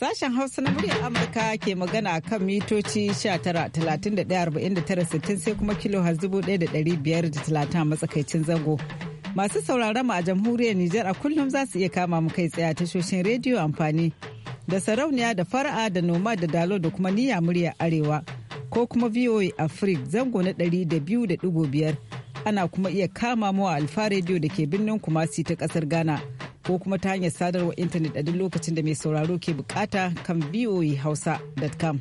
Sashen Hausa na muryar Amurka ke magana kan mitoci 19,31,49,60 sai kuma kilo talatin a matsakaicin zango. Masu sauraron mu a jamhuriyar Nijar a kullum za su iya kama mu kai tsaye a tashoshin rediyo amfani da sarauniya da fara'a da noma da dalo da kuma niyya muryar arewa ko kuma VOA Africa zango na 200.5 ana kuma iya kama mu a alfa rediyo da ke birnin Kumasi ta kasar Ghana. ko kuma ta hanyar sadarwar intanet a duk lokacin da mai sauraro ke bukata kan voahausa.com.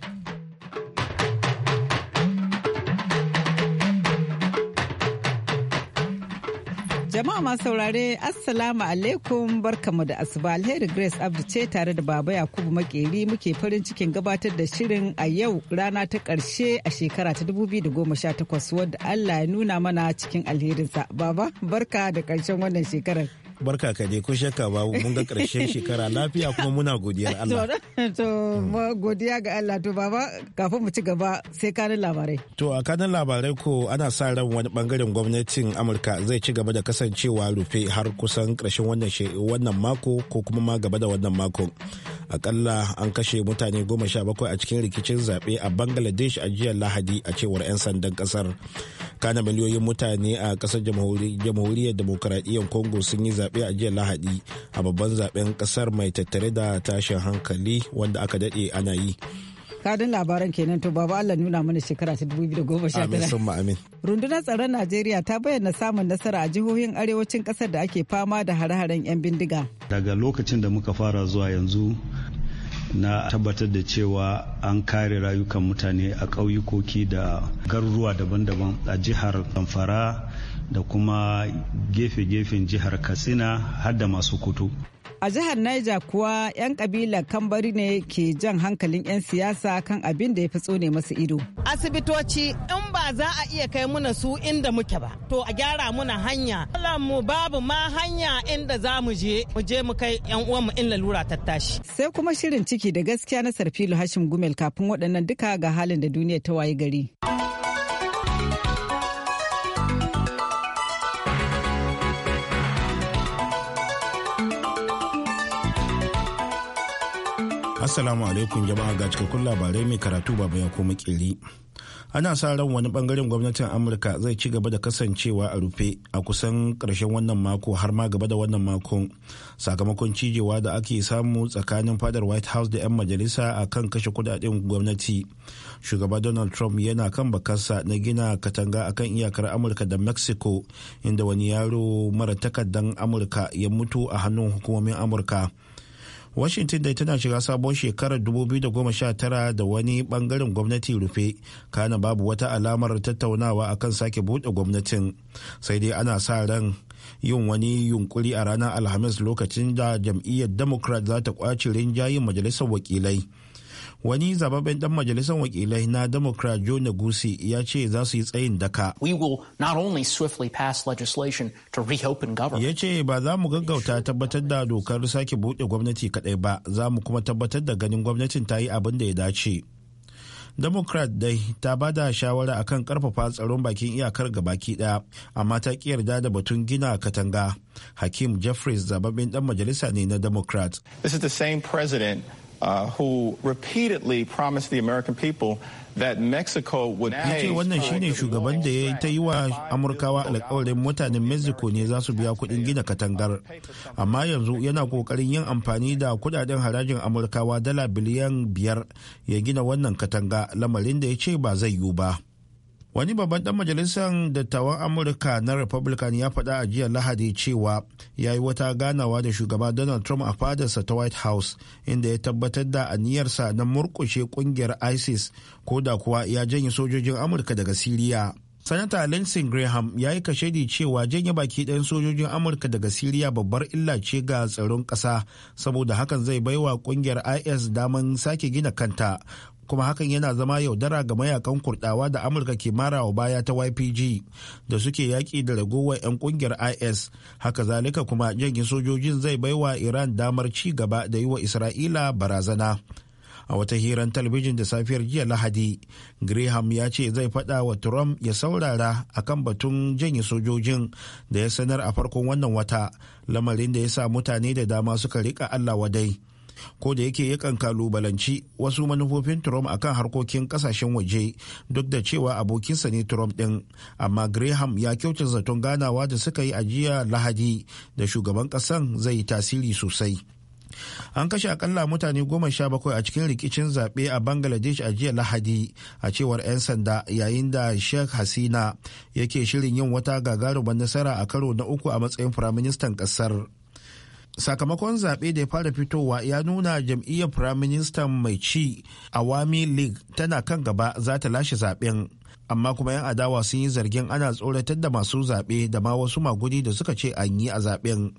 Jama'a masu saurare Assalamu alaikum barkamu da asuba alheri Grace Abdu ce tare da Baba Yakubu Makeri muke farin cikin gabatar da shirin a yau rana ta ƙarshe a shekara ta da goma 2018 wadda Allah ya nuna mana cikin alherinsa. Baba barka da karshen wannan shekarar. barka ka dai ko shakka ba mun ga karshen shekara lafiya kuma muna godiyar Allah. To godiya ga Allah to baba kafin mu ci gaba sai kanin labarai. To a kanin labarai ko ana sa ran wani bangaren gwamnatin Amurka zai ci gaba da kasancewa rufe har kusan karshen wannan wannan mako ko kuma ma gaba da wannan mako. Akalla an kashe mutane goma sha bakwai a cikin rikicin zaɓe a Bangladesh a jiya Lahadi a cewar 'yan sandan ƙasar. kana miliyoyin mutane a kasar jamhuriyar demokuraɗiyyar congo sun yi zaɓe a jiya lahadi a babban zaɓen kasar mai tattare da tashin hankali wanda aka daɗe ana yi kadin labaran kenan to babu Allah nuna mana shekara ta 2019. Amin amin. Rundunar tsaron Najeriya ta bayyana samun nasara a jihohin arewacin kasar da ake fama da hare-haren 'yan bindiga. Daga lokacin da muka fara zuwa yanzu na tabbatar da cewa an kare rayukan mutane a ƙauyukoki da garuruwa daban-daban a jihar zamfara da kuma gefe-gefen jihar katsina har da masu kutu A jihar Niger kuwa 'yan kabilar kambari ne ke jan hankalin 'yan siyasa kan abin da ya fi tsone masu ido. Asibitoci in ba za a iya kai muna su inda muke ba, to a gyara muna hanya. mu babu ma hanya inda za mu je, mu je mu kai 'yan uwanmu in lalura tattashi. Sai kuma shirin ciki da gaskiya na Sarfilu Hashim Gumel kafin waɗannan duka ga halin da duniya ta wayi gari. Assalamu alaikum jama'a ga cikakkun labarai mai karatu baba ya kuma kiri. Ana sa ran wani bangaren gwamnatin Amurka zai ci gaba da kasancewa a rufe a kusan karshen wannan mako har ma gaba da wannan makon sakamakon cijewa da ake samu tsakanin fadar White House da 'yan majalisa a kan kashe kudaden gwamnati. Shugaba Donald Trump yana kan bakarsa na gina katanga akan iyakar Amurka da Mexico inda wani yaro mara takardan Amurka ya mutu a hannun hukumomin Amurka. washington dai tana shiga sabon shekarar 2019 da wani bangaren gwamnati rufe kana babu wata alamar tattaunawa akan sake bude gwamnatin sai dai ana sa ran yin wani yunkuri a ranar alhamis lokacin da jam'iyyar democrat za ta kwace rinjayen majalisar wakilai wani zababben dan majalisar wakilai na democrat joe negusi ya ce za su yi tsayin daka ya ce ba za mu gaggauta tabbatar da dokar sake buɗe gwamnati kadai ba za mu kuma tabbatar da ganin gwamnatin ta yi abin da ya dace democrat dai ta ba da shawara akan karfafa tsaron bakin iyakar ga baki daya amma ta ki yarda da batun gina katanga hakim jeffries zababben dan majalisa ne na democrat this is the same president Uh, who repeatedly promised the American people that Mexico would yace wannan shine shugaban da ya ta yi wa Amurkawa alƙawarin mutanen Mexico ne za su biya kuɗin gina katangar. Amma yanzu yana kokarin yin amfani da kudaden harajin Amurkawa dala biliyan biyar ya gina wannan katanga lamarin da ya ce ba zai yiwu ba. wani babban dan majalisar dattawan amurka na republican ya faɗa a jiya lahadi cewa ya yi wata ganawa da shugaba donald trump a fadarsa ta white house inda ya tabbatar da aniyarsa na murkushe kungiyar isis ko da kuwa ya janye sojojin amurka daga siriya sanata lindsey graham ya yi kashe kashedi cewa janye baki ɗayan sojojin amurka daga siriya babbar illa ce ga tsaron ƙasa saboda hakan zai baiwa ƙungiyar is daman sake gina kanta kuma hakan yana zama yaudara ga mayakan kurdawa da amurka ke mara wa baya ta ypg da suke yaƙi da ragowar 'yan kungiyar is haka zalika kuma jirgin sojojin zai baiwa iran damar ci gaba da yi wa isra'ila barazana a wata hirar talabijin da safiyar jiya lahadi graham ya ce zai faɗa wa trump ya saurara akan batun janye sojojin da ya sanar a farkon wannan wata lamarin da ya sa mutane da dama suka rika allah wadai ko da yake yakan kalubalanci wasu manufofin Trump akan harkokin kasashen waje duk da cewa abokinsa ne Trump din Amma Graham ya kyauta zaton ganawa da suka yi a jiya Lahadi da shugaban kasan zai yi tasiri sosai. An kashe akalla mutane goma sha bakwai a cikin rikicin zaɓe a Bangladesh a jiya Lahadi a cewar 'yan sanda yayin da Sheikh Hasina yake shirin yin wata gagarumar nasara a karo na uku a matsayin firaministan ƙasar. sakamakon zaɓe da ya fara fitowa ya nuna jam'iyyar firaministan mai ci awami league tana kan gaba za ta lashe zaɓen amma kuma 'yan adawa sun yi zargin ana tsoratar da masu zaɓe da ma wasu magudi da suka ce an yi a zaɓen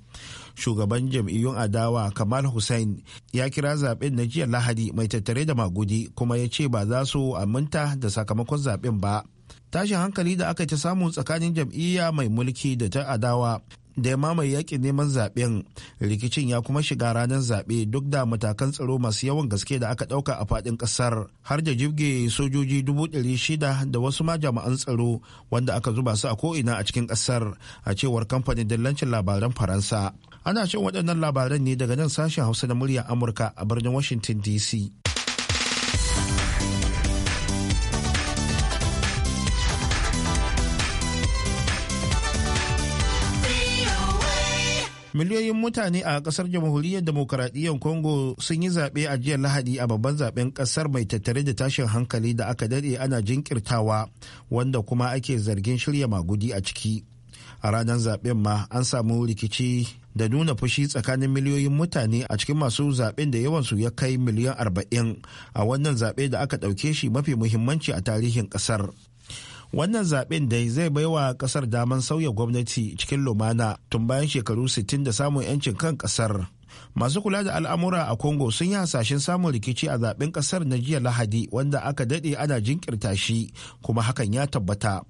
shugaban jam'iyyun adawa kamal hussein ya kira zaɓen na jiya lahadi mai tattare da magudi kuma ya ce ba za su aminta da sakamakon zaɓen ba tashin hankali da aka ta samu tsakanin jam'iyya mai mulki da ta adawa da ya mamaye yakin neman zaben rikicin ya kuma shiga ranar zaɓe duk da matakan tsaro masu yawan gaske da aka ɗauka a faɗin ƙasar har da jibge sojoji dubu ɗari shida da wasu ma jama'an tsaro wanda aka zuba su a ko'ina a cikin ƙasar a cewar kamfanin dillancin labaran faransa ana shan waɗannan labaran ne daga nan sashen hausa na muryar amurka a birnin washington dc miliyoyin mutane a kasar jamhuriyar demokuraɗiyyar congo sun yi zaɓe a jiya lahadi a babban zaɓen kasar mai tattare da tashin hankali da aka daɗe ana jinkirtawa wanda kuma ake zargin shirya magudi a ciki a ranar zaɓen ma an samu rikici da nuna fushi tsakanin miliyoyin mutane a cikin masu zaɓen da yawansu ya kai miliyan arba'in a wannan zaɓe da aka ɗauke shi mafi muhimmanci a tarihin ƙasar wannan zaben dai zai baiwa kasar daman sauya gwamnati cikin lumana tun bayan shekaru 60 da samun 'yancin kan kasar masu kula da al'amura a congo sun yi hasashen samun rikici a zaben kasar na jiya lahadi wanda aka dade ana jinkirta shi kuma hakan ya tabbata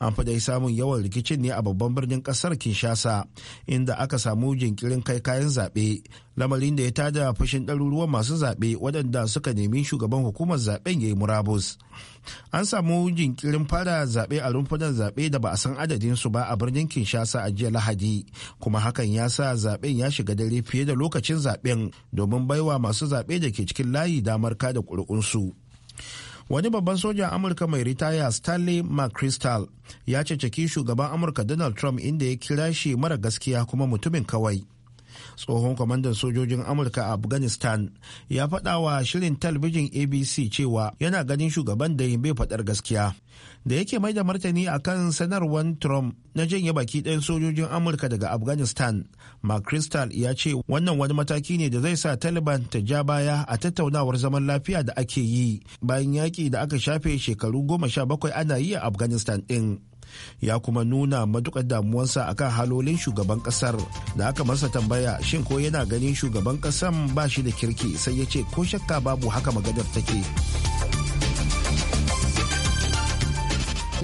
an fi dai samun yawan rikicin ne a babban birnin ƙasar kinshasa inda aka samu jinkirin kai kayan zaɓe lamarin da ya tada fashin ɗaruruwan masu zaɓe waɗanda suka nemi shugaban hukumar zaɓen ya yi murabus an samu jinkirin fara zaɓe a rumfunan zaɓe da ba a san adadin su ba a birnin kinshasa a jiya lahadi kuma hakan ya sa zaɓen ya shiga dare fiye da lokacin zaɓen domin baiwa masu zaɓe da ke cikin layi damar kada ƙuri'unsu wani babban sojan amurka mai ritaya stanley mcchrystal ya ceceki shugaban amurka donald trump inda ya kira shi mara gaskiya kuma mutumin kawai tsohon kwamandan sojojin amurka a afghanistan ya faɗa wa shirin talbijin abc cewa yana ganin shugaban da bai faɗar gaskiya da yake mai da martani a kan sanarwar trump na janye baki ɗayan sojojin amurka daga afghanistan mark crystal ya ce wannan wani mataki ne da zai sa taliban ta ja baya a tattaunawar zaman lafiya da ake yi bayan yaƙi da aka shafe shekaru goma sha bakwai ana yi a afghanistan ɗin ya kuma nuna matukar damuwarsa akan halolin shugaban kasar da aka masa tambaya shin ko yana ganin shugaban kasan ba shi da kirki sai ya ce ko shakka babu haka maganar take.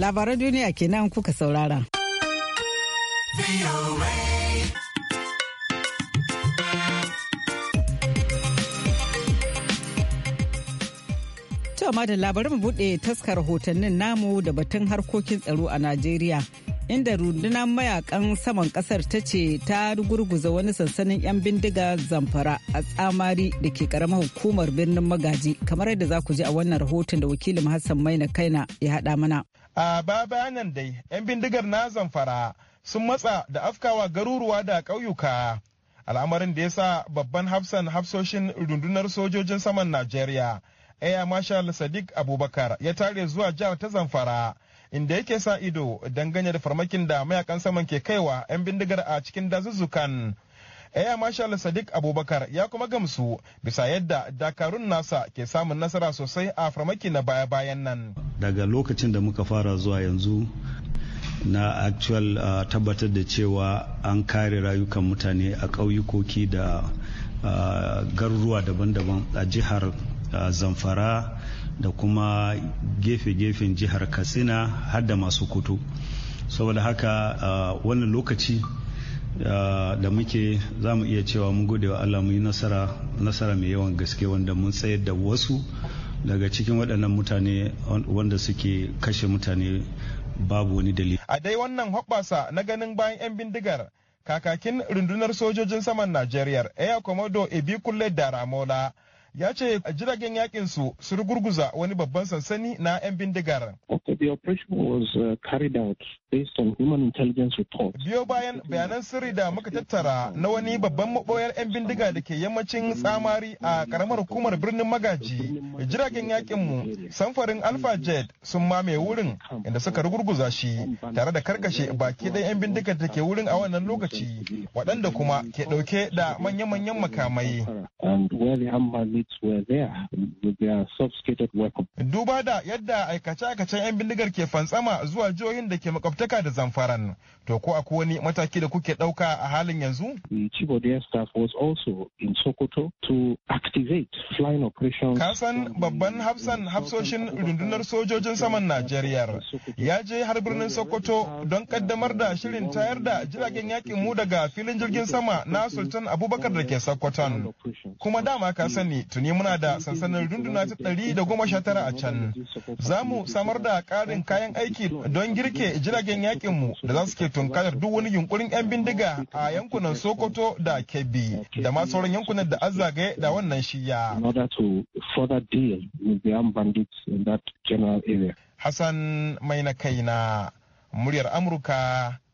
labaran duniya kenan kuka saurara. ma da labarin buɗe taskar rahotannin namu da batun harkokin tsaro a Najeriya. Inda rundunar mayakan saman kasar ta ce ta gurguza wani sansanin 'yan bindiga zamfara a tsamari da ke karamar hukumar birnin magaji kamar yadda za ku ji a wannan rahoton da wakilin Hassan Maina Kaina ya haɗa mana. a baya nan dai 'yan bindigar na zamfara sun matsa da afkawa garuruwa da ƙauyuka al'amarin da ya sa babban hafsan hafsoshin rundunar sojojin saman najeriya air marshal sadiq abubakar ya tare zuwa jihar ta zamfara inda yake sa ido dangane da farmakin da mayakan saman ke kaiwa 'yan bindigar a cikin dazuzzukan Air Marshal Sadiq Abubakar ya kuma gamsu bisa yadda dakarun nasa ke samun nasara sosai a farmaki na baya-bayan nan. daga lokacin da muka fara zuwa yanzu na actual uh, tabbatar da cewa an kare rayukan mutane a ƙauyukoki da uh, garuruwa daban-daban a jihar uh, zamfara da kuma gefe-gefen jihar katsina har da masu kutu saboda so, haka uh, wannan lokaci uh, da muke za mu iya cewa mun gode wa allah mu yi nasara mai yawan gaske wanda mun tsayar da wasu daga cikin waɗannan mutane wanda suke kashe mutane babu wani dalili. A dai wannan hoɓɓasa na ganin bayan 'yan bindigar kakakin rundunar sojojin saman Najeriya Air Commodore Ebi Kulle Daramola ya ce jiragen yakin su sun gurguza wani babban sansani na 'yan bindigar. Uh, Biyo bayan bayanan sirri da muka tattara na wani babban maɓoyar 'yan bindiga da ke yammacin tsamari a karamar hukumar birnin magaji jiragen yakin mu samfarin alpha jet sun mame wurin inda suka rugurguza shi tare da karkashe baki ɗaya 'yan bindiga da ke wurin a wannan lokaci waɗanda kuma ke ɗauke da manya-manyan makamai. units were there with their sophisticated weapons. Duba da yadda aikace-aikacen 'yan bindigar ke fantsama zuwa jihohin da ke makwabtaka da zamfaran. To ko akwai wani mataki da kuke ɗauka a halin yanzu? The chief of the air staff was also in Sokoto to activate flying operations. Kasan babban hafsan hafsoshin rundunar sojojin saman Najeriya ya je har birnin Sokoto don kaddamar da shirin tayar da jiragen yakin mu daga filin jirgin sama na Sultan Abubakar da ke Sokoton. Kuma dama ka sani Tuni muna da sansanin runduna ta ɗari da goma sha tara a can. Za mu samar da ƙarin kayan aiki don girke jiragen mu da za su ke tunkarar duk wani yunkurin 'yan bindiga a yankunan Sokoto da Kebbi da ma sauran yankunan da an zagaye da wannan shiya. Hassan mai na kaina muryar Amurka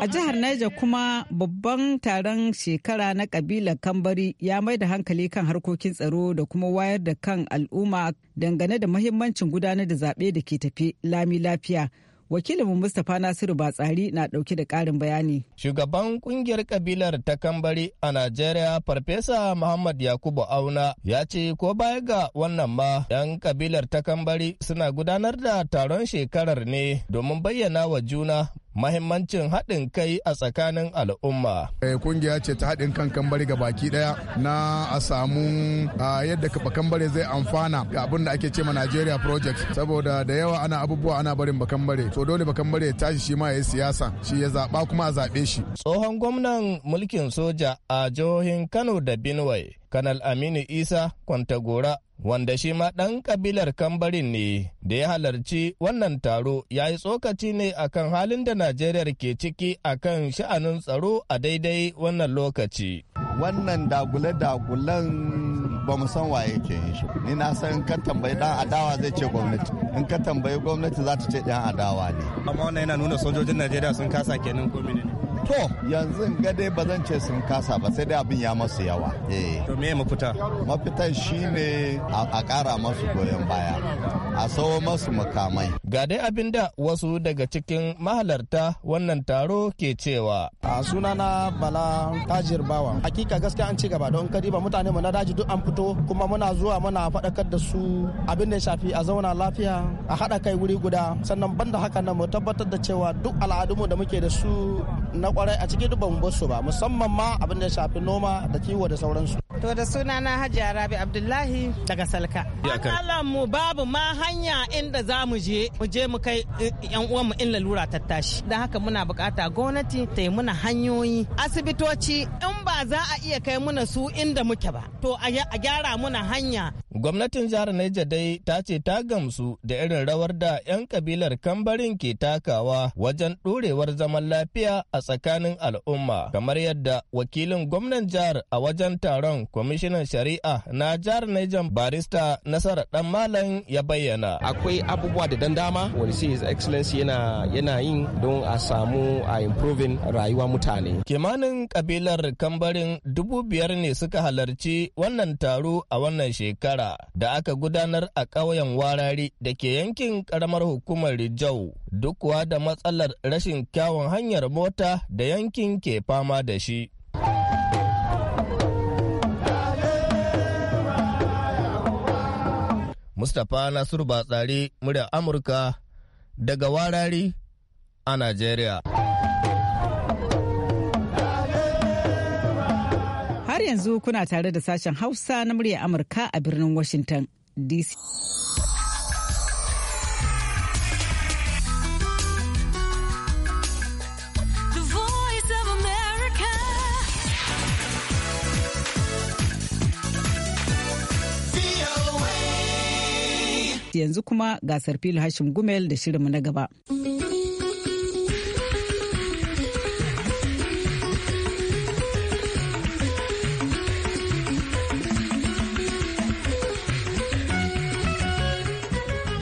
A jihar Niger kuma babban taron shekara na kabilar Kambari ya mai da hankali kan harkokin tsaro da kuma wayar da kan al'umma dangane da mahimmancin gudanar da zaɓe da ke tafi lami lafiya. Wakilinmu Mustapha Nasiru Batsari na ɗauke da ƙarin bayani. Shugaban ƙungiyar kabilar ta Kambari a Najeriya Farfesa Muhammad Yakubu Auna ya ce ko baya ga wannan ma 'yan kabilar ta Kambari suna gudanar da taron shekarar ne domin bayyana wa juna mahimmancin haɗin kai a tsakanin al'umma. Eh, kungiya ce ta haɗin kan kambari ga baki ɗaya na a samu yadda kambare zai amfana ga abin da ake ce ma Najeriya Project saboda da yawa ana abubuwa ana barin kambare. to dole bakambare ya tashi shi ma ya yi siyasa shi ya zaɓa kuma a zaɓe shi. Tsohon gwamnan mulkin soja a jihohin Kano da Benue, Kanal Aminu Isa Kwantagora wanda shi ma ɗan kabilar kambarin ne da ya halarci wannan taro ya yi tsokaci ne akan halin da najeriya ke ciki akan sha'anin tsaro a daidai wannan lokaci wannan dagule-dagulen ba mu san waye ke yin shi ni na san in ka tambayi dan adawa zai ce gwamnati in ka tambayi gwamnati za ta ce dan adawa ne amma wannan yana nuna sojojin najeriya sun kasa kenan ko ne to yanzu ga ba zan ce sun kasa ba sai dai abin ya masu yawa eh. to me mafita mafitan shine a kara masu goyon baya a sawo masu makamai ga dai abin da wasu daga cikin mahalarta wannan taro ke cewa a sunana bala tajir bawa hakika gaskiya an ci gaba don kadi ba mutane mu na daji duk an fito kuma muna zuwa muna faɗakar da su abin da ya shafi a zauna lafiya a haɗa kai wuri guda sannan banda haka nan mu tabbatar da cewa duk al'adunmu da muke da su na kwarai a cikin dubban ba ba musamman ma abin da ya shafi noma da kiwo da sauransu To da suna na Hajiya Rabi Abdullahi daga Salka. Allah mu babu ma hanya inda za mu je mu je mu kai eh, yan mu in lalura ta tashi. Da haka muna bukata gwamnati ta yi muna hanyoyi asibitoci in ba za a iya kai muna su inda muke ba. To a gyara muna hanya. Gwamnatin jihar Niger dai ta ce ta gamsu da irin rawar da 'yan kabilar kambarin ke takawa wajen ɗorewar zaman lafiya a tsakanin al'umma kamar yadda wakilin gwamnan jihar a wajen taron kwamishinan shari'a na jihar Niger barista Nasara Dan Malam ya bayyana. Akwai abubuwa da dan dama wani sai his excellency yana yana yin don a samu a improving rayuwa mutane. Kimanin kabilar kambarin dubu biyar ne suka halarci wannan taro a wannan shekara da aka gudanar a ƙauyen warari da ke yankin karamar hukumar Rijau duk kuwa da matsalar rashin kyawun hanyar mota da yankin ke fama da shi. Mustapha Nasiru Batsari murya Amurka daga warari a Najeriya. Har yanzu kuna tare da sashen Hausa na murya Amurka a birnin Washington DC. yanzu kuma gasar fili hashim gumel da shirinmu na gaba.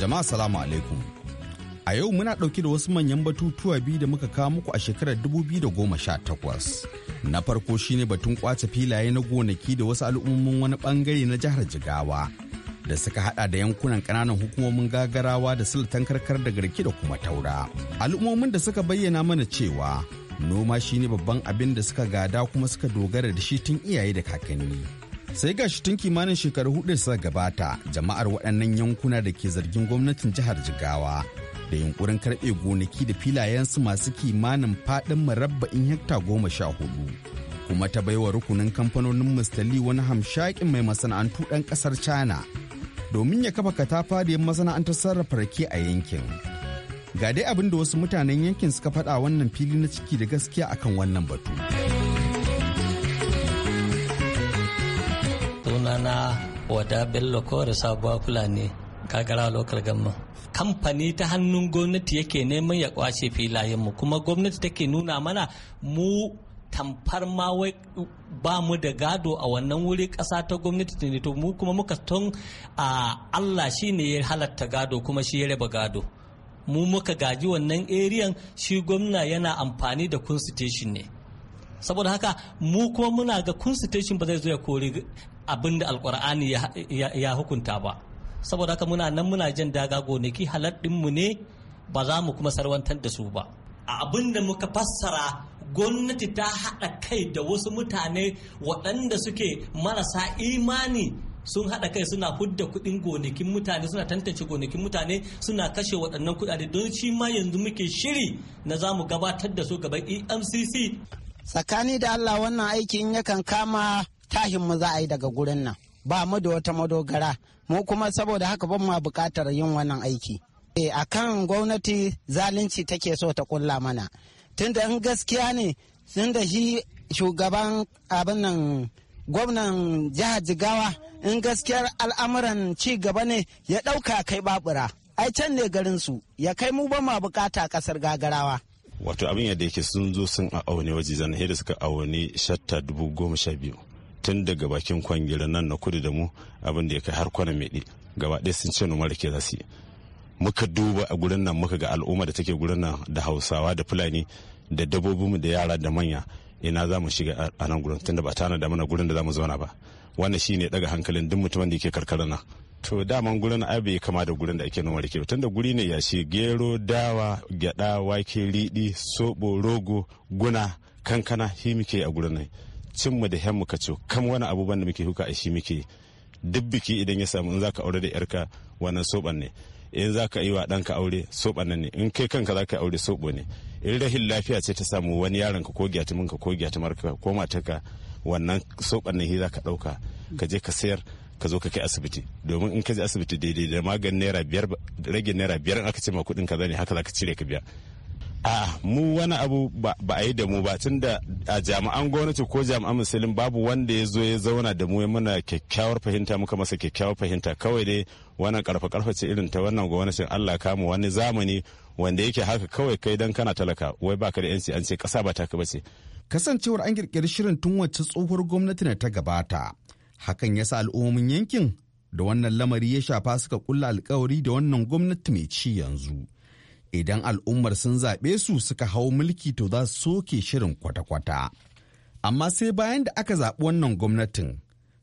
jama'a salamu alaikum a yau muna ɗauke da wasu manyan batutuwa biyu da muka kawo muku a shekarar 2018 na farko shine batun kwace filaye na gonaki da wasu al'ummomin wani bangare na jihar jigawa da suka hada da yankunan kananan hukumomin gagarawa da sultan karkar da garki da kuma taura al'ummomin da suka bayyana mana cewa noma shine babban abin da suka gada kuma suka dogara da shi tun iyaye da kakanni sai ga shi tun kimanin shekaru hudu suka gabata jama'ar waɗannan yankuna da ke zargin gwamnatin jihar jigawa da yunkurin karɓe gonaki da filayensu masu kimanin faɗin marabba'in hekta goma sha hudu kuma ta baiwa rukunin kamfanonin mustali wani hamshakin mai masana'antu ɗan ƙasar china domin ya kafa katafariyar masana'antar sarrafa rake a yankin. Ga dai abin da wasu mutanen yankin suka faɗa wannan fili na ciki da gaskiya akan wannan batu. Sunana Wada Bello da Sabuwa Fulani, Kagara Lokal Gamma. Kamfani ta hannun gwamnati yake neman ya kwace filayenmu kuma gwamnati take nuna mana mu tamfar ma wai ba mu da gado a wannan wuri ƙasa ta gwamnati ta ne to mu kuma muka tun a Allah shi ne ya halatta gado kuma shi ya raba gado mu muka gaji wannan eriyan shi gwamna yana amfani da constitution ne saboda haka mu kuma muna ga constitution ba zai zo ya kori abin da alkur'ani ya hukunta ba saboda haka muna nan muna jan daga gonaki haladdinmu ne ba za mu kuma sarwantar da su ba abin da muka fassara gwamnati ta haɗa kai da wasu mutane waɗanda suke marasa imani sun haɗa kai suna hudda kuɗin gonakin mutane suna tantance gonakin mutane suna kashe waɗannan kuɗaɗe don shi ma yanzu muke shiri na za mu gabatar da su gaban emcc tsakani da allah wannan aikin yakan kama tahin mu za a yi daga gurin nan ba mu da wata madogara mu kuma saboda haka ban ma buƙatar yin wannan aiki eh, a kan gwamnati zalunci take so ta kulla mana tunda in gaskiya ne da shi shugaban abin gwamnan jihar jigawa in gaskiyar al'amuran ci gaba ne ya ɗauka kai babura ai can ne garinsu ya kai mu ba ma bukata kasar gagarawa wato abin yadda yake sun zo sun a aune waje zan da suka aune shatta dubu goma sha biyu tun daga bakin kwangira nan na kudu da mu abin da ya kai har kwana meɗi gaba ɗaya sun ce numar ke za su yi muka duba a gurin nan muka ga al'umma da take gurin nan da hausawa da fulani da dabbobinmu da yara da manya ina za mu shiga a nan gurin tunda ba tana da mana gurin da za mu zauna ba wannan shine daga hankalin duk mutumin da yake karkara nan to daman gurin ai bai kama da gurin da ake noma rake tunda guri ne yashi gero dawa gyada wake riɗi sobo rogo guna kankana shi muke a gurin nan cinmu da hemmu ka ce kam wani abubuwan da muke huka a shi muke duk biki idan ya samu in za ka aure da yarka wannan soban ne in za ka yi wa ɗanka aure soɓa nan ne in kai kanka za ka yi aure soɓo ne in rahin lafiya ce ta samu wani yaron ka ko gyatumin ka ko gyatumar ka ko matarka wannan soɓan nan za ka ɗauka ka je ka sayar ka zo ka kai asibiti domin in ka je asibiti daidai da maganin naira biyar rage naira biyar aka ce ma kuɗin ka zane haka za ka cire ka biya a mu wani abu ba a yi da mu ba tun da a jami'an gwamnati ko jami'an musulun babu wanda ya zo ya zauna da mu ya mana kyakkyawar fahimta muka masa kyakkyawar fahimta kawai dai wannan karfa karfa ce irin ta wannan gwamnatin Allah kamu wani zamani wanda yake haka kawai kai dan kana talaka wai baka da yanci an ce kasa ba ka bace kasancewar an kirkiri shirin tun wacce tsohuwar gwamnati na ta gabata hakan yasa al'ummomin yankin da wannan lamari ya shafa suka kulla alkawari da wannan gwamnati mai ci yanzu idan al'ummar sun zaɓe su suka hau mulki to za su soke shirin kwata-kwata. Amma sai bayan da aka zaɓi wannan gwamnatin,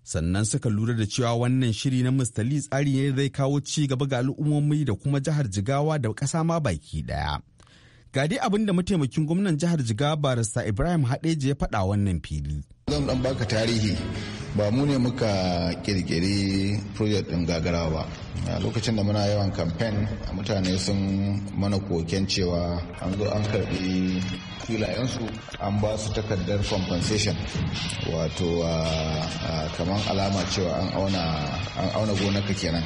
sannan suka lura da cewa wannan shiri na Mustali tsari ne zai kawo ci gaba ga al'ummomi da kuma jihar Jigawa da ƙasa ma baki ɗaya. Ga dai abin da mataimakin gwamnan jihar Jigawa barista Ibrahim Haɗeji ya faɗa wannan fili. zan dan baka tarihi ba mu ne muka kirkiri project din gagara ba lokacin da muna yawan kamfen mutane sun mana koken cewa an zo an karbi filayensu an ba su takardar compensation wato kamar alama cewa an auna gonaka kenan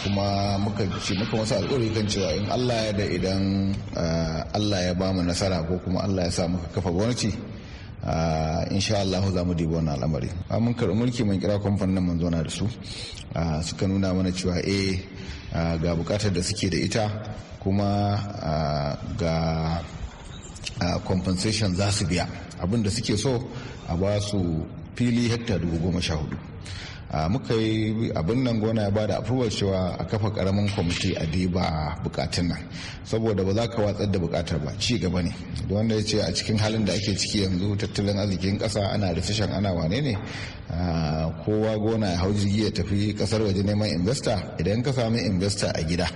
kuma muka ce muka wasu alkawari kan cewa in allah ya da idan allah ya ba mu nasara ko kuma allah ya sa muka kafa gwamnati Ah, insha Allah za mu dibi wannan al'amari ah, mun karɓi mulki mun kira kamfanin mun zauna da su ah, suka nuna mana cewa eh ga bukatar da suke da ita kuma ga compensation za su biya abin da suke so a ba su fili hekta dubu goma sha hudu muka yi abin nan gona ya bada approval cewa a kafa karamin kwamiti a diba bukatun nan saboda ba za ka watsar da bukatar ba ci gaba ne wanda ya ce a cikin halin da ake ciki yanzu tattalin arzikin kasa ana recession ana wane ne kowa gona ya hau jirgi ya tafi kasar waje neman investor idan ka sami investor a gida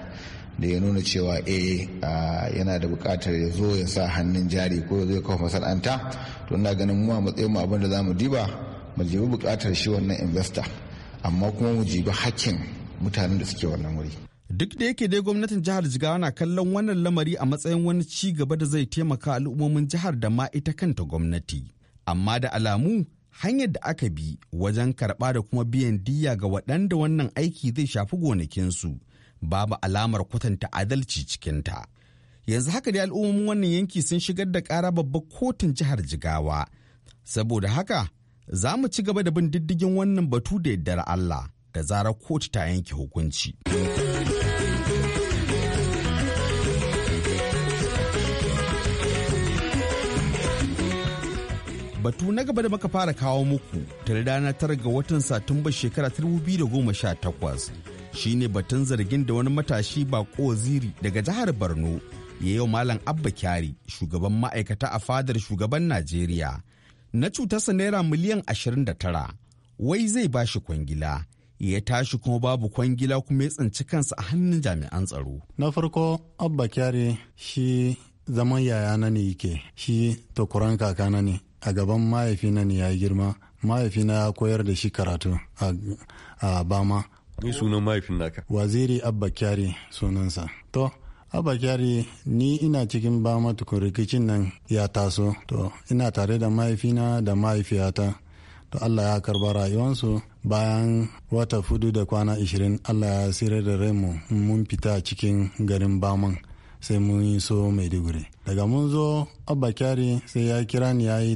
da ya nuna cewa eh, a yana da bukatar ya zo ya sa hannun jari ko ya zo ya kafa masana'anta to ina ganin mu a matsayin mu abin da za mu diba mu jebi bukatar shi wannan investor amma kuma mu jibi hakkin mutanen da suke wannan wuri duk da yake dai gwamnatin jihar jigawa na kallon wannan lamari a matsayin wani ci gaba da zai taimaka al'ummomin jihar da ma ita kanta gwamnati amma da alamu hanyar da aka bi wajen karɓa da kuma biyan diya ga waɗanda wannan aiki zai shafi gonakinsu babu alamar kwatanta adalci cikinta yanzu haka dai al'ummomin wannan yanki sun shigar da ƙara babbar kotun jihar jigawa saboda haka Za mu ci gaba da bin diddigin wannan batu da yaddar Allah da zarar kotu ta yanke hukunci. batu na gaba da muka fara kawo muku tare ranar tara ga watan satumba shekara 2018 shine batun zargin da wani matashi bako ziri daga jihar borno ya yi malam abba kyari shugaban ma'aikata a fadar shugaban najeriya na cutarsa naira miliyan 29 wai zai ba shi kwangila ya tashi kuma babu kwangila kuma ya tsinci kansa a hannun jami'an tsaro. Na farko abba kyare shi zaman yaya na ne yake shi takuran na ne a gaban na ne ya girma Mahaifi na ya koyar da shi karatu a bama. Ni sunan mahaifin naka. Waziri abba kyare sunansa. To abba kyari ni ina cikin ba matukun rikicin nan ya taso to ina tare da mahaifina da mahaifiyata to allah ya karba rayuwansu bayan wata fudu da kwana ashirin allah ya sirar da raimu mun fita cikin garin baman sai mun yi so maiduguri daga mun zo abba kyari sai ya kira ni ya yi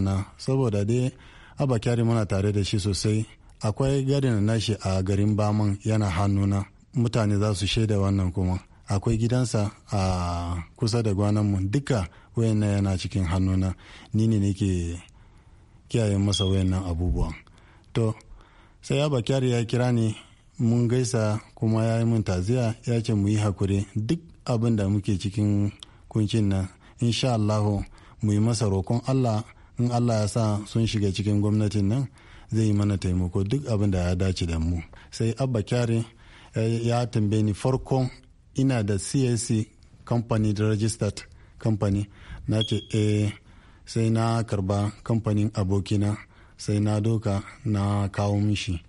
na saboda dai abba kyari muna tare da shi sosai akwai garin nashi a garin baman yana hannuna mutane za su shaida wannan kuma akwai gidansa a kusa da gwananmu duka wayannan yana cikin hannuna ni ne nake kiyaye masa wayannan abubuwan to sai ya ya kira ni mun gaisa kuma ya yi mun taziya ya ce mu yi hakuri duk abin da muke cikin kuncin nan insha allahu mu yi masa roƙon allah in allah ya sa sun shiga cikin gwamnatin nan zai yi mana taimako duk abin da ya dace da mu sai abba kyari eh, ya tambaye ni farkon ina da CAC company da registered company na ce eh sai na karba kamfanin abokina sai na doka na kawo mishi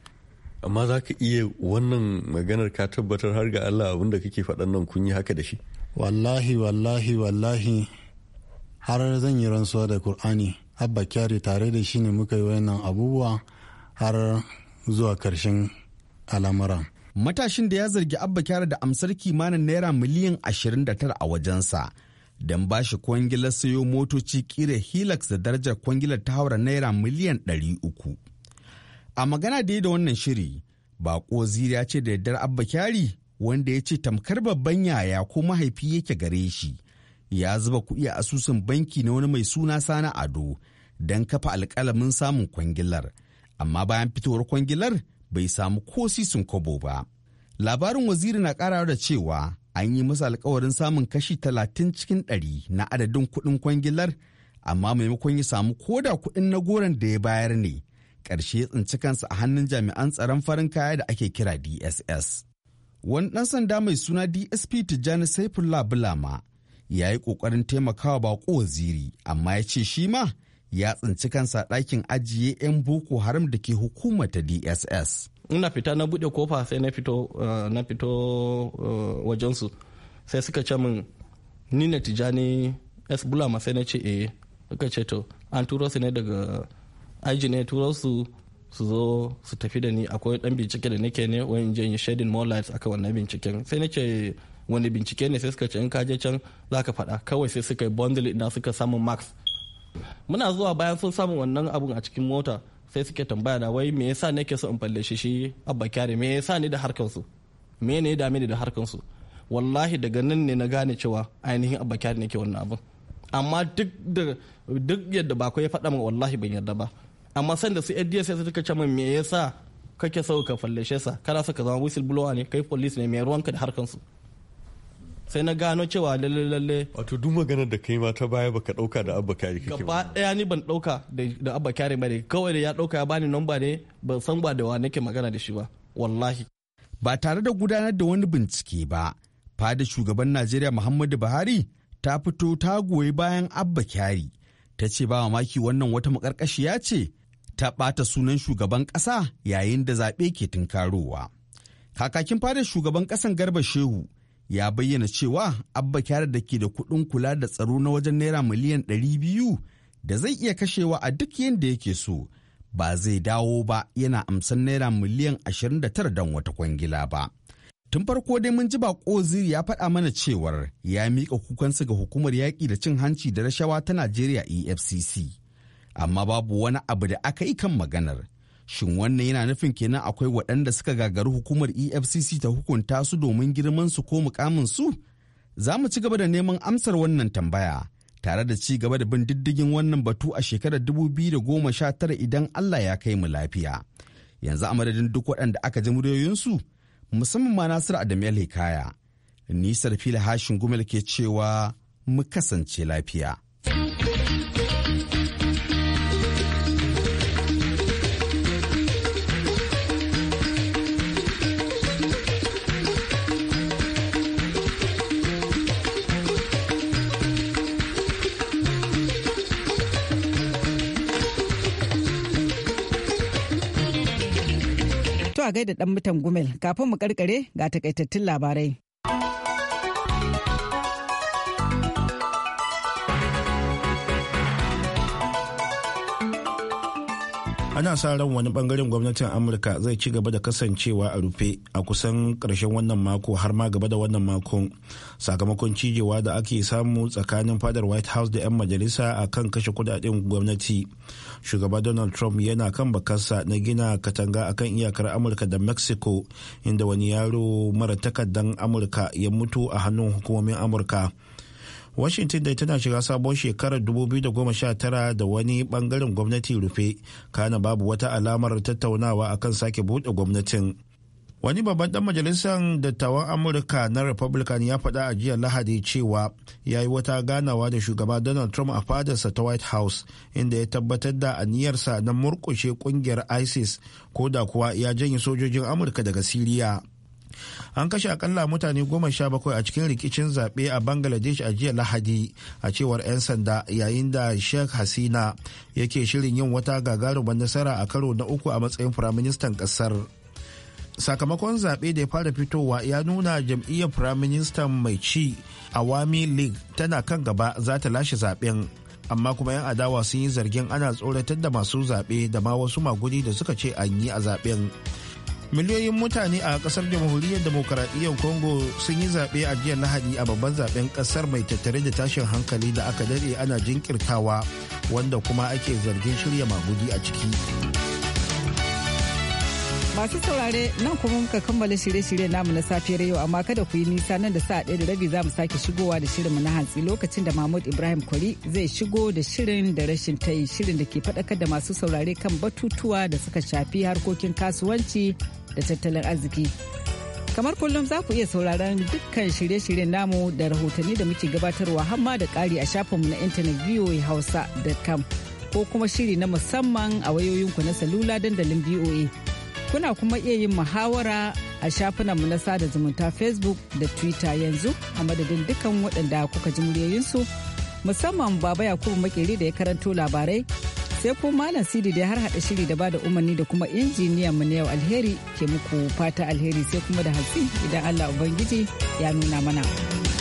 amma za ka iya wannan maganar ka tabbatar har ga allah abinda kake faɗan nan kun yi haka da shi wallahi wallahi wallahi har zan yi rantsuwa da kur'ani abba kyari tare da shi ne muka yi wannan abubuwa har zuwa karshen alamuran matashin da ya zargi abba kyara da amsar kimanin naira miliyan 29 a wajensa don ba shi kwangilar sayo motoci kira hilux da darajar kwangilar ta haura naira miliyan 300 a magana da da wannan shiri bako ziriya ce da yardar abba kyari wanda ya ce tamkar babban yaya ko mahaifi yake gare shi ya zuba kuɗi a asusun banki na wani mai suna sana ado don kafa alƙalamin samun kwangilar amma bayan fitowar kwangilar bai samu ko sisin kobo ba. Labarin waziri na karawa da cewa an yi masa alkawarin samun kashi talatin cikin ɗari na adadin kuɗin kwangilar amma maimakon ya samu koda kuɗin na goron da ya bayar ne ƙarshe ya tsinci kansa a hannun jami'an tsaron farin kaya da ake kira dss wani ɗan sanda mai suna dsp tijjani saifullah bulama ya yi ƙoƙarin taimakawa baƙo waziri amma ya ce shi ma ya tsinci kansa ɗakin ajiye 'yan boko haram da ke hukumar ta dss ina fita na buɗe kofa sai na fito eh, na fito eh, wajensu sai suka ce min ni na tijani s bulama sai na ce eh suka ce to an turo su ne daga aji ne turo su su zo su tafi da ni akwai dan bincike da nake ne wani je in shedin more light aka wannan binciken sai na ce wani bincike ne sai suka ce in ka je can zaka faɗa kawai sai suka yi bundle na suka samu mask. muna zuwa bayan sun samu wannan abun a cikin mota sai suke tambaya na wai me yasa nake so in falle shi abba kyare me yasa ni da harkan su me ne dame ni da harkan su wallahi daga nan ne na gane cewa ainihin abba kyare nake wannan abun amma duk da duk yadda ba ya faɗa min wallahi ban yarda ba amma san da su ADS sai suka ce min me yasa kake so ka shi sa kana so ka zama whistleblower ne kai police ne me ruwanka da harkan su sai na gano cewa lalle lalle wato duk maganar da kai ma ta baya baka dauka da abba kyari kake gaba daya ni ban dauka da abba kyari bane kawai da ya dauka ya bani namba ne ban san ba da wa nake magana da shi ba wallahi ba tare da gudanar da wani bincike ba fada shugaban najeriya muhammadu buhari ta fito ta goyi bayan abba kyari ta ce ba mamaki wannan wata makarkashiya ce ta ɓata sunan shugaban ƙasa yayin da zaɓe ke tunkarowa kakakin fadar shugaban ƙasan garba shehu ya bayyana cewa abba kyara da ke da kuɗin kula da tsaro na wajen naira miliyan 200 da zai iya kashewa a duk yadda yake so ba zai dawo ba yana amsan naira miliyan 29 don wata kwangila ba. Tun farko dai mun ji bako ziri ya faɗa mana cewar ya miƙa kukansa ga hukumar yaƙi da cin hanci da rashawa ta Najeriya EFCC. Amma babu wani abu da aka yi kan maganar Shin wannan yana nufin kenan akwai waɗanda suka gagari hukumar EFCC ta hukunta su domin girman su ko mukamin su? Za mu ci gaba da neman amsar wannan tambaya tare da ci gaba da bin diddigin wannan batu a shekarar dubu biyu da goma sha tara idan Allah ya kai mu lafiya. Yanzu a madadin duk waɗanda aka ji muryoyinsu musamman ma Nasiru Adam Hikaya. Nisar fila hashin gumel ke cewa mu kasance lafiya. gaida dan mutan gumel kafin mu karkare ga takaitattun labarai. ana sa ran wani bangaren gwamnatin amurka zai ci gaba da kasancewa a rufe a kusan karshen wannan mako har ma gaba da wannan makon sakamakon cijewa da ake samu tsakanin fadar white house da 'yan majalisa a kan kashe kudaden gwamnati shugaba donald trump yana kan bakarsa na gina katanga akan iyakar amurka da mexico inda wani yaro mara takardan amurka ya mutu a hannun hukumomin amurka washington dai tana shiga sabon shekarar 2019 da wani bangaren gwamnati rufe kana babu wata alamar tattaunawa akan sake buɗe gwamnatin wani babban dan majalisar dattawan amurka na republican ya faɗa a jiya lahadi cewa ya yi wata ganawa da shugaba donald trump a fadarsa ta white house inda ya tabbatar da aniyarsa na murkushe kungiyar isis ko da kuwa ya janye sojojin amurka daga siriya an kashe akalla mutane goma sha bakwai a cikin rikicin zaɓe a bangladesh a jiya lahadi a cewar 'yan sanda yayin da sheikh hasina yake shirin yin wata gagarumar nasara a karo na uku a matsayin firaministan ƙasar sakamakon zaɓe da ya fara fitowa ya nuna jam'iyyar firaministan mai ci awami league tana kan gaba za ta lashe zaɓen amma kuma 'yan adawa sun yi zargin ana tsoratar da masu zaɓe da ma wasu magudi da suka ce an yi a zaɓen. miliyoyin mutane a kasar jamhuriyar demokaradiyyar congo sun yi zaɓe a jiya lahadi a babban zaben kasar mai tattare da tashin hankali da aka dade ana jinkirtawa wanda kuma ake zargin shirya magudi a ciki Masu saurare nan kuma muka kammala shirye-shirye namu na safiyar yau amma kada ku yi nisa nan da sa ɗaya da rabi za mu sake shigowa da shirinmu na hantsi lokacin da Mahmud Ibrahim Kwari zai shigo da shirin da rashin yi shirin da ke faɗakar da masu saurare kan batutuwa da suka shafi harkokin kasuwanci da tattalin arziki. Kamar kullum za ku iya sauraron dukkan shirye-shiryen namu da rahotanni da muke gabatarwa hamma da ƙari a shafinmu na intanet voahausa.com ko kuma shiri na musamman a wayoyinku na salula dandalin VOA. Kuna kuma iya yin muhawara a shafinanmu na sada zumunta Facebook da Twitter yanzu a madadin dukan waɗanda kuka ji muryoyinsu musamman Baba Yakubu Makeri da ya karanto labarai sai ko Malam Sidi da har haɗa shiri da bada umarni da kuma injiniyan mu na yau alheri ke muku fata alheri sai kuma da hatsi idan Allah Ubangiji ya nuna mana.